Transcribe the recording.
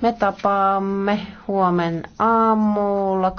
Me tapaamme huomen aamulla